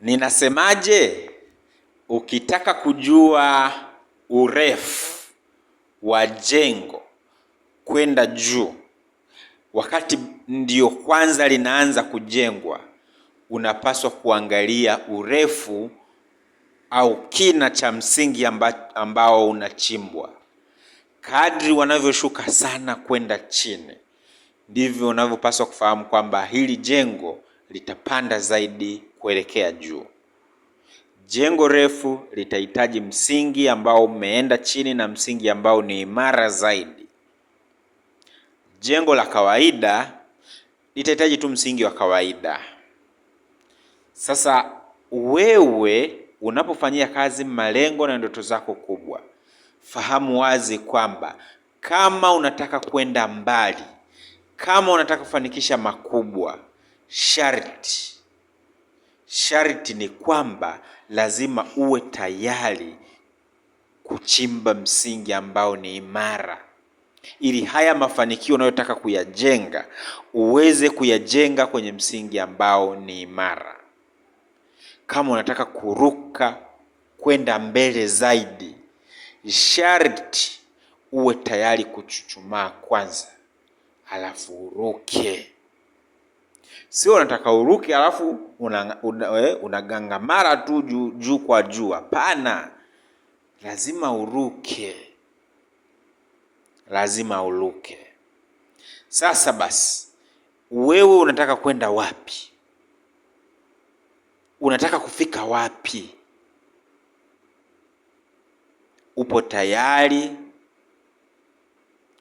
Ninasemaje? Ukitaka kujua urefu wa jengo kwenda juu, wakati ndio kwanza linaanza kujengwa, unapaswa kuangalia urefu au kina cha msingi amba, ambao unachimbwa. Kadri wanavyoshuka sana kwenda chini, ndivyo unavyopaswa kufahamu kwamba hili jengo litapanda zaidi kuelekea juu. Jengo refu litahitaji msingi ambao umeenda chini na msingi ambao ni imara zaidi. Jengo la kawaida litahitaji tu msingi wa kawaida. Sasa wewe unapofanyia kazi malengo na ndoto zako kubwa, fahamu wazi kwamba kama unataka kwenda mbali, kama unataka kufanikisha makubwa, sharti Sharti ni kwamba lazima uwe tayari kuchimba msingi ambao ni imara, ili haya mafanikio unayotaka kuyajenga uweze kuyajenga kwenye msingi ambao ni imara. Kama unataka kuruka kwenda mbele zaidi, sharti uwe tayari kuchuchumaa kwanza, halafu uruke. Sio unataka uruke alafu unagangamara una, una tu juu ju kwa juu. Hapana, lazima uruke, lazima uruke. Sasa basi, wewe unataka kwenda wapi? Unataka kufika wapi? Upo tayari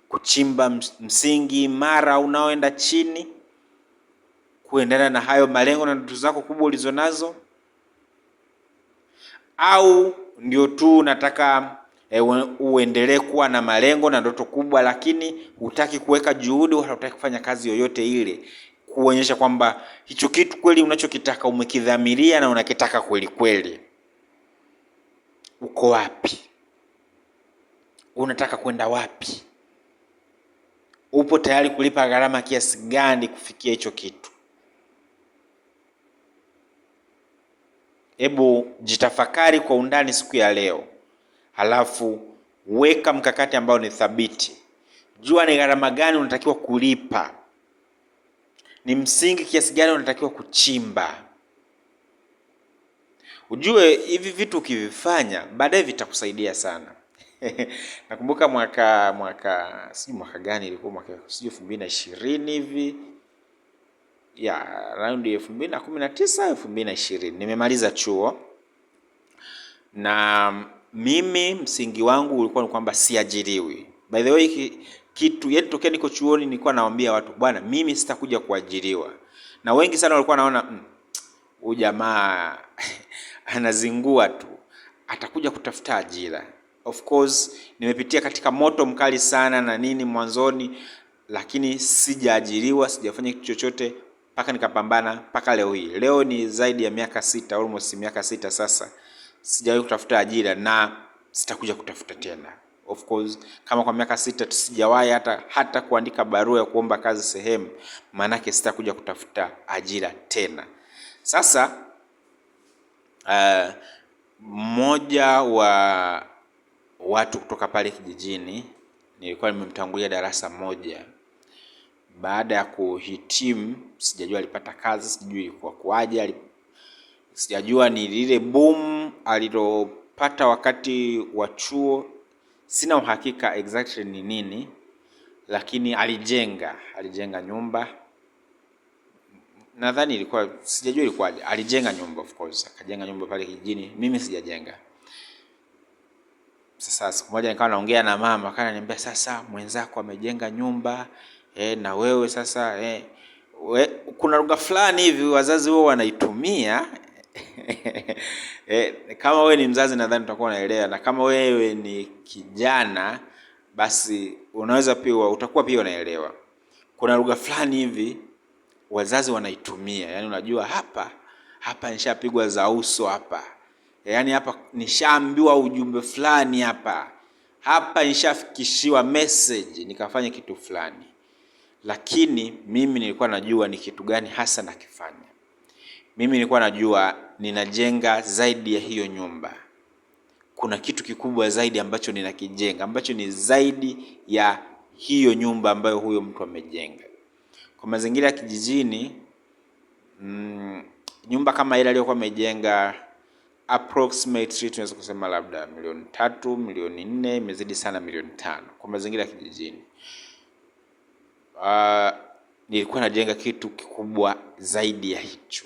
kuchimba msingi mara unaoenda chini? kuendana na hayo malengo na ndoto zako kubwa ulizonazo, au ndio tu unataka e, uendelee kuwa na malengo na ndoto kubwa, lakini hutaki kuweka juhudi wala hutaki kufanya kazi yoyote ile kuonyesha kwamba hicho kitu kweli unachokitaka umekidhamiria na unakitaka kweli kweli. Uko wapi? Unataka kwenda wapi? Upo tayari kulipa gharama kiasi gani kufikia hicho kitu? Hebu jitafakari kwa undani siku ya leo, halafu weka mkakati ambao ni thabiti. Jua ni gharama gani unatakiwa kulipa, ni msingi kiasi gani unatakiwa kuchimba. Ujue hivi vitu ukivifanya baadaye vitakusaidia sana. Nakumbuka mwaka mwaka sijui mwaka gani ilikuwa mwaka sijui elfu mbili na ishirini hivi ya raundi elfu mbili na kumi na tisa elfu mbili na ishirini nimemaliza chuo na mimi msingi wangu ulikuwa ni kwamba siajiriwi. By the way, kitu yani, tokea niko chuoni nilikuwa nawaambia watu bwana, mimi sitakuja kuajiriwa, na wengi sana walikuwa naona mm, huyu mm, jamaa anazingua tu, atakuja kutafuta ajira. Of course nimepitia katika moto mkali sana na nini mwanzoni, lakini sijaajiriwa, sijafanya kitu chochote mpaka nikapambana mpaka leo hii. Leo ni zaidi ya miaka sita, almost miaka sita sasa sijawahi kutafuta ajira na sitakuja kutafuta tena. Of course kama kwa miaka sita tusijawahi hata hata kuandika barua ya kuomba kazi sehemu, maanake sitakuja kutafuta ajira tena. Sasa uh, mmoja wa watu kutoka pale kijijini nilikuwa nimemtangulia darasa moja baada ya kuhitimu, sijajua alipata kazi, sijui ilikuwa kuaje, sijajua ni lile boom alilopata wakati wa chuo, sina uhakika exactly ni nini, lakini alijenga alijenga nyumba nadhani ilikuwa sijajua ilikuwa alijenga nyumba of course, akajenga nyumba pale kijijini, mimi sijajenga. Sasa siku moja nikawa naongea na mama, akaniambia sasa, mwenzako amejenga nyumba e, na wewe sasa e, we, kuna lugha fulani hivi wazazi wao wanaitumia e, kama wewe ni mzazi nadhani utakuwa unaelewa, na kama wewe ni kijana basi unaweza pia utakuwa pia unaelewa. Kuna lugha fulani hivi wazazi wanaitumia, yani unajua hapa hapa nishapigwa za uso hapa, yani hapa nishaambiwa ujumbe fulani hapa hapa nishafikishiwa message nikafanya kitu fulani lakini mimi nilikuwa najua ni kitu gani hasa nakifanya. Mimi nilikuwa najua ninajenga zaidi ya hiyo nyumba, kuna kitu kikubwa zaidi ambacho ninakijenga ambacho ni zaidi ya hiyo nyumba ambayo huyo mtu amejenga. Kwa mazingira ya kijijini mm, nyumba kama ile aliyokuwa amejenga approximately tunaweza kusema labda milioni tatu, milioni nne, imezidi sana milioni tano kwa mazingira ya kijijini uh, nilikuwa najenga kitu kikubwa zaidi ya hicho.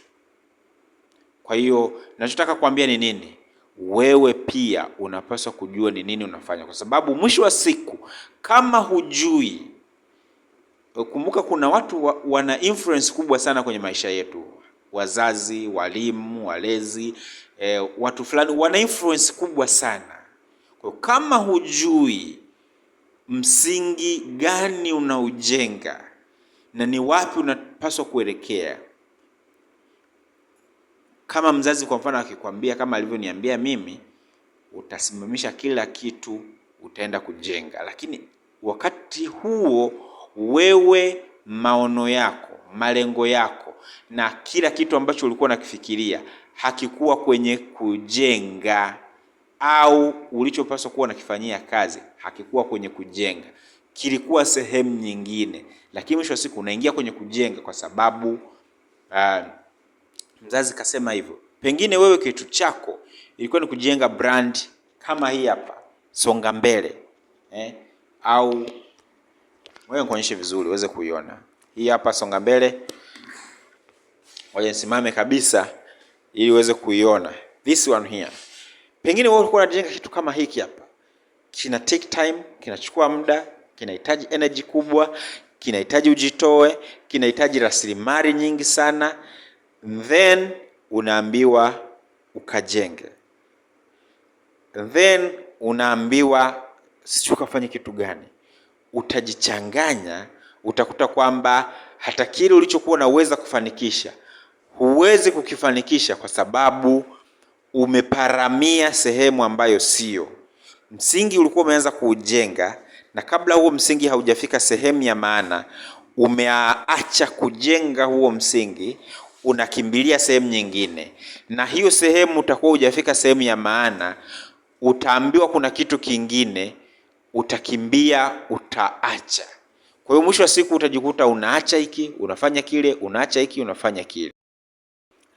Kwa hiyo nachotaka kuambia ni nini, wewe pia unapaswa kujua ni nini unafanya, kwa sababu mwisho wa siku kama hujui Kumbuka, kuna watu wa, wana influence kubwa sana kwenye maisha yetu, wazazi, walimu, walezi eh, watu fulani wana influence kubwa sana. Kwa kama hujui msingi gani unaujenga na ni wapi unapaswa kuelekea. Kama mzazi kwa mfano akikwambia kama alivyoniambia mimi, utasimamisha kila kitu, utaenda kujenga, lakini wakati huo wewe maono yako, malengo yako na kila kitu ambacho ulikuwa unakifikiria hakikuwa kwenye kujenga au ulichopaswa kuwa unakifanyia kazi hakikuwa kwenye kujenga, kilikuwa sehemu nyingine, lakini mwisho wa siku unaingia kwenye kujenga kwa sababu uh, mzazi kasema hivyo. Pengine wewe kitu chako ilikuwa ni kujenga brand kama hii hapa, songa mbele eh? au wewe nikuonyeshe vizuri uweze kuiona hii hapa, songa mbele. Ngoja nisimame kabisa ili uweze kuiona this one here. Pengine wewe ulikuwa unajenga kitu kama hiki hapa, kina take time, kinachukua muda, kinahitaji energy kubwa, kinahitaji ujitoe, kinahitaji rasilimali nyingi sana, then unaambiwa ukajenge, then unaambiwa sijui ukafanya kitu gani, utajichanganya. Utakuta kwamba hata kile ulichokuwa unaweza kufanikisha huwezi kukifanikisha kwa sababu umeparamia sehemu ambayo sio. Msingi ulikuwa umeanza kuujenga, na kabla huo msingi haujafika sehemu ya maana, umeacha kujenga huo msingi, unakimbilia sehemu nyingine, na hiyo sehemu utakuwa hujafika sehemu ya maana, utaambiwa kuna kitu kingine, utakimbia, utaacha. Kwa hiyo mwisho wa siku utajikuta unaacha hiki, unafanya kile, unaacha hiki, unafanya kile.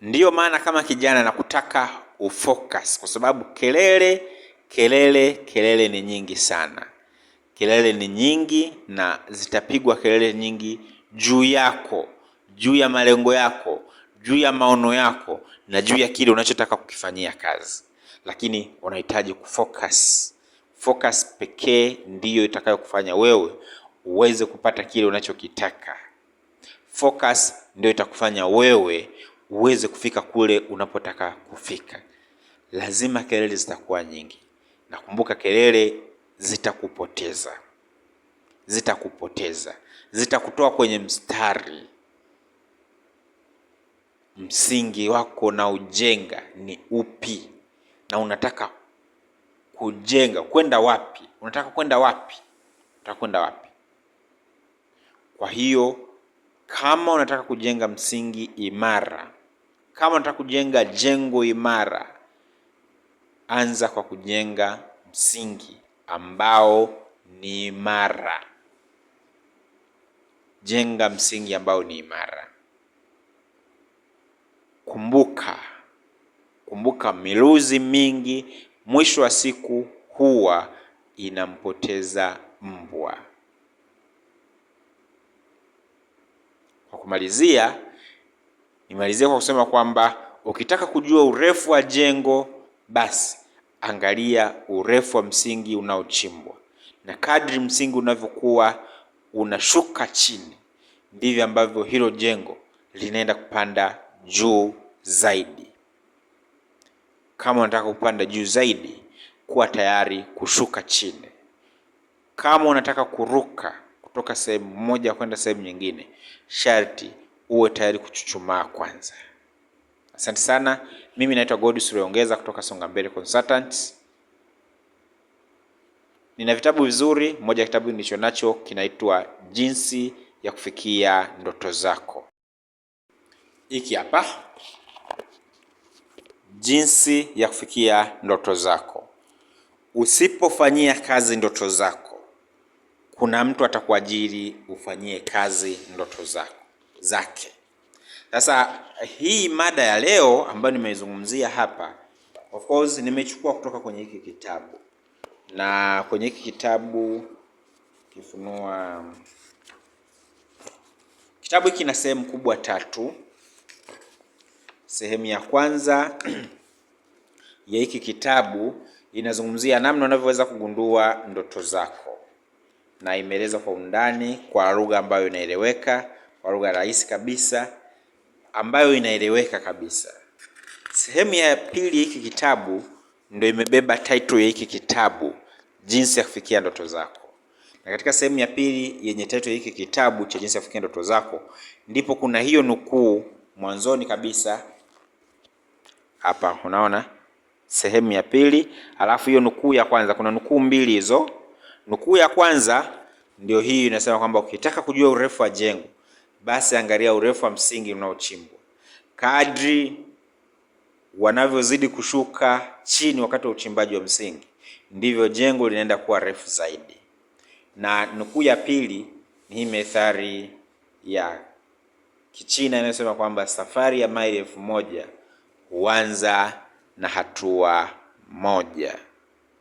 Ndiyo maana kama kijana nakutaka ufocus, kwa sababu kelele kelele kelele ni nyingi sana, kelele ni nyingi na zitapigwa kelele nyingi juu yako, juu ya malengo yako, juu ya maono yako na juu ya kile unachotaka kukifanyia kazi, lakini unahitaji kufocus. Focus pekee ndiyo itakayokufanya wewe uweze kupata kile unachokitaka. Focus ndio itakufanya wewe uweze kufika kule unapotaka kufika, lazima kelele zitakuwa nyingi. Nakumbuka, kelele zitakupoteza, zitakupoteza, zitakutoa kwenye mstari msingi wako na ujenga ni upi, na unataka kujenga kwenda wapi? Unataka kwenda wapi? Unataka kwenda wapi? Kwa hiyo kama unataka kujenga msingi imara kama unataka kujenga jengo imara, anza kwa kujenga msingi ambao ni imara. Jenga msingi ambao ni imara. Kumbuka, kumbuka miluzi mingi mwisho wa siku huwa inampoteza mbwa. Kwa kumalizia Nimalizie kwa kusema kwamba ukitaka kujua urefu wa jengo, basi angalia urefu wa msingi unaochimbwa, na kadri msingi unavyokuwa unashuka chini, ndivyo ambavyo hilo jengo linaenda kupanda juu zaidi. Kama unataka kupanda juu zaidi, kuwa tayari kushuka chini. Kama unataka kuruka kutoka sehemu moja kwenda sehemu nyingine, sharti uwe tayari kuchuchumaa kwanza. Asante sana. Mimi naitwa Godus Rweongeza kutoka Songa Mbele Consultants. Nina vitabu vizuri. Moja ya kitabu nilicho nacho kinaitwa Jinsi ya Kufikia Ndoto Zako. Hiki hapa, Jinsi ya Kufikia Ndoto Zako. Usipofanyia kazi ndoto zako, kuna mtu atakuajiri ufanyie kazi ndoto zako zake. Sasa hii mada ya leo ambayo nimeizungumzia hapa, of course nimechukua kutoka kwenye hiki kitabu, na kwenye hiki kitabu Kifunua, kitabu hiki kina sehemu kubwa tatu. Sehemu ya kwanza ya hiki kitabu inazungumzia namna unavyoweza kugundua ndoto zako, na imeeleza kwa undani kwa lugha ambayo inaeleweka lugha rahisi kabisa ambayo inaeleweka kabisa. Sehemu ya pili hiki kitabu ndio imebeba title ya hiki kitabu, jinsi ya kufikia ndoto zako. Na katika sehemu ya pili yenye title ya hiki kitabu cha jinsi ya kufikia ndoto zako, ndipo kuna hiyo nukuu mwanzoni kabisa hapa, unaona sehemu ya pili, alafu hiyo nukuu ya kwanza. Kuna nukuu mbili hizo. Nukuu ya kwanza ndio hii inasema kwamba ukitaka kujua urefu wa jengo basi angalia urefu wa msingi unaochimbwa. Kadri wanavyozidi kushuka chini wakati wa uchimbaji wa msingi, ndivyo jengo linaenda kuwa refu zaidi. Na nukuu ya pili ni hii methali ya Kichina inayosema kwamba safari ya maili elfu moja huanza na hatua moja.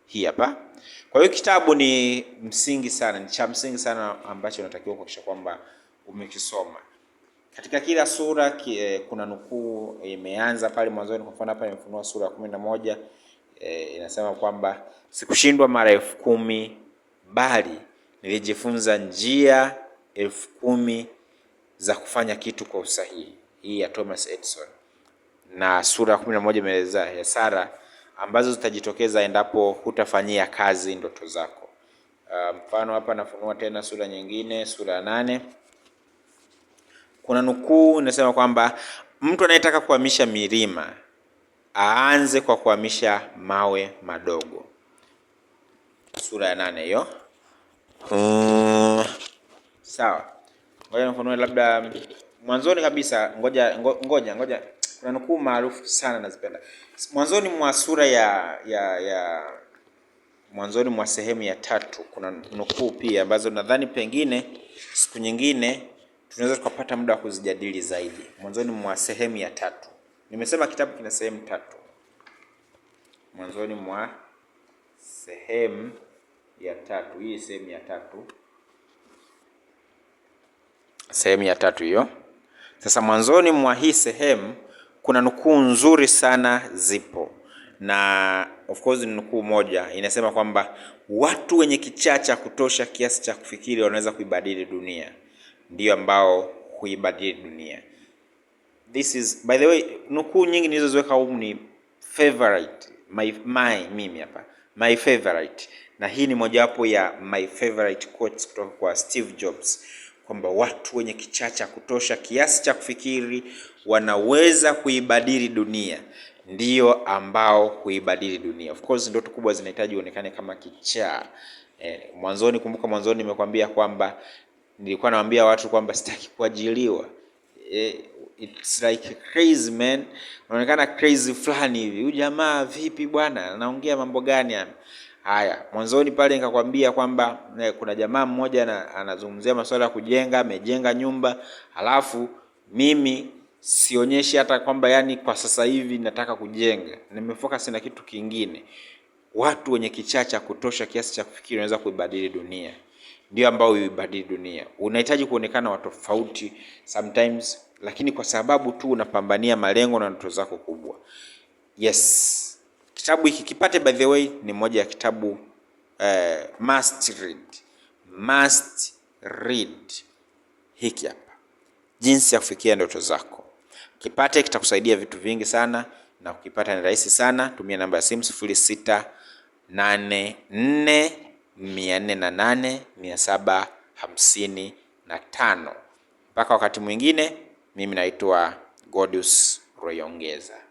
Hii hapa. Kwa hiyo kitabu ni msingi sana, ni cha msingi sana ambacho unatakiwa kuhakikisha kwamba umekisoma. Katika kila sura kie, eh, kuna nukuu eh, imeanza pale mwanzoni. Kwa mfano hapa imefunua sura ya kumi na moja e, inasema kwamba sikushindwa mara elfu kumi bali nilijifunza njia elfu kumi za kufanya kitu kwa usahihi, hii ya Thomas Edison. Na sura ya kumi na moja imeeleza hasara ambazo zitajitokeza endapo hutafanyia kazi ndoto zako. Ah, mfano um, hapa nafunua tena sura nyingine, sura ya nane kuna nukuu inasema kwamba mtu anayetaka kuhamisha milima aanze kwa kuhamisha mawe madogo. Sura ya nane hiyo. Uh, sawa, ngoja nifunue labda mwanzoni kabisa. Ngoja ngoja ngoja, kuna nukuu maarufu sana nazipenda, mwanzoni mwa sura ya ya ya mwanzoni mwa sehemu ya tatu kuna nukuu pia ambazo nadhani pengine siku nyingine tunaweza tukapata muda wa kuzijadili zaidi mwanzoni mwa sehemu ya tatu. Nimesema kitabu kina sehemu tatu, mwanzoni mwa sehemu ya tatu. Hii sehemu ya tatu, sehemu ya tatu hiyo. Sasa mwanzoni mwa hii sehemu kuna nukuu nzuri sana zipo, na of course ni nukuu moja inasema kwamba watu wenye kichaa cha kutosha kiasi cha kufikiri wanaweza kuibadili dunia ndio ambao huibadili dunia. This is by the way, nukuu nyingi nilizoziweka humu ni favorite my, my mimi hapa my favorite, na hii ni mojawapo ya my favorite quotes kutoka kwa Steve Jobs kwamba watu wenye kichaa cha kutosha kiasi cha kufikiri wanaweza kuibadili dunia ndio ambao huibadili dunia. Of course ndoto kubwa zinahitaji uonekane kama kichaa. Eh, mwanzoni, kumbuka mwanzoni nimekwambia kwamba nilikuwa nawaambia watu kwamba sitaki kuajiliwa. E, it's like crazy man, unaonekana crazy fulani hivi. Huyu jamaa vipi bwana, anaongea mambo gani ana Haya, mwanzoni pale nikakwambia kwamba e, kuna jamaa mmoja anazungumzia masuala ya kujenga, amejenga nyumba, halafu mimi sionyeshi hata kwamba yani kwa sasa hivi nataka kujenga, nimefocus na kitu kingine. Watu wenye kichaa cha kutosha kiasi cha kufikiri wanaweza kuibadili dunia ndio ambao huibadili dunia. Unahitaji kuonekana wa tofauti sometimes, lakini kwa sababu tu unapambania malengo na ndoto zako kubwa. Yes, kitabu hiki kipate, by the way, ni moja ya kitabu eh, must read. Must read hiki hapa, jinsi ya kufikia ndoto zako. Kipate kitakusaidia vitu vingi sana, na kukipata ni rahisi sana. Tumia namba ya simu sifuri sita nane nne mia nne na nane mia saba hamsini na tano. Mpaka wakati mwingine, mimi naitwa Godius Royongeza.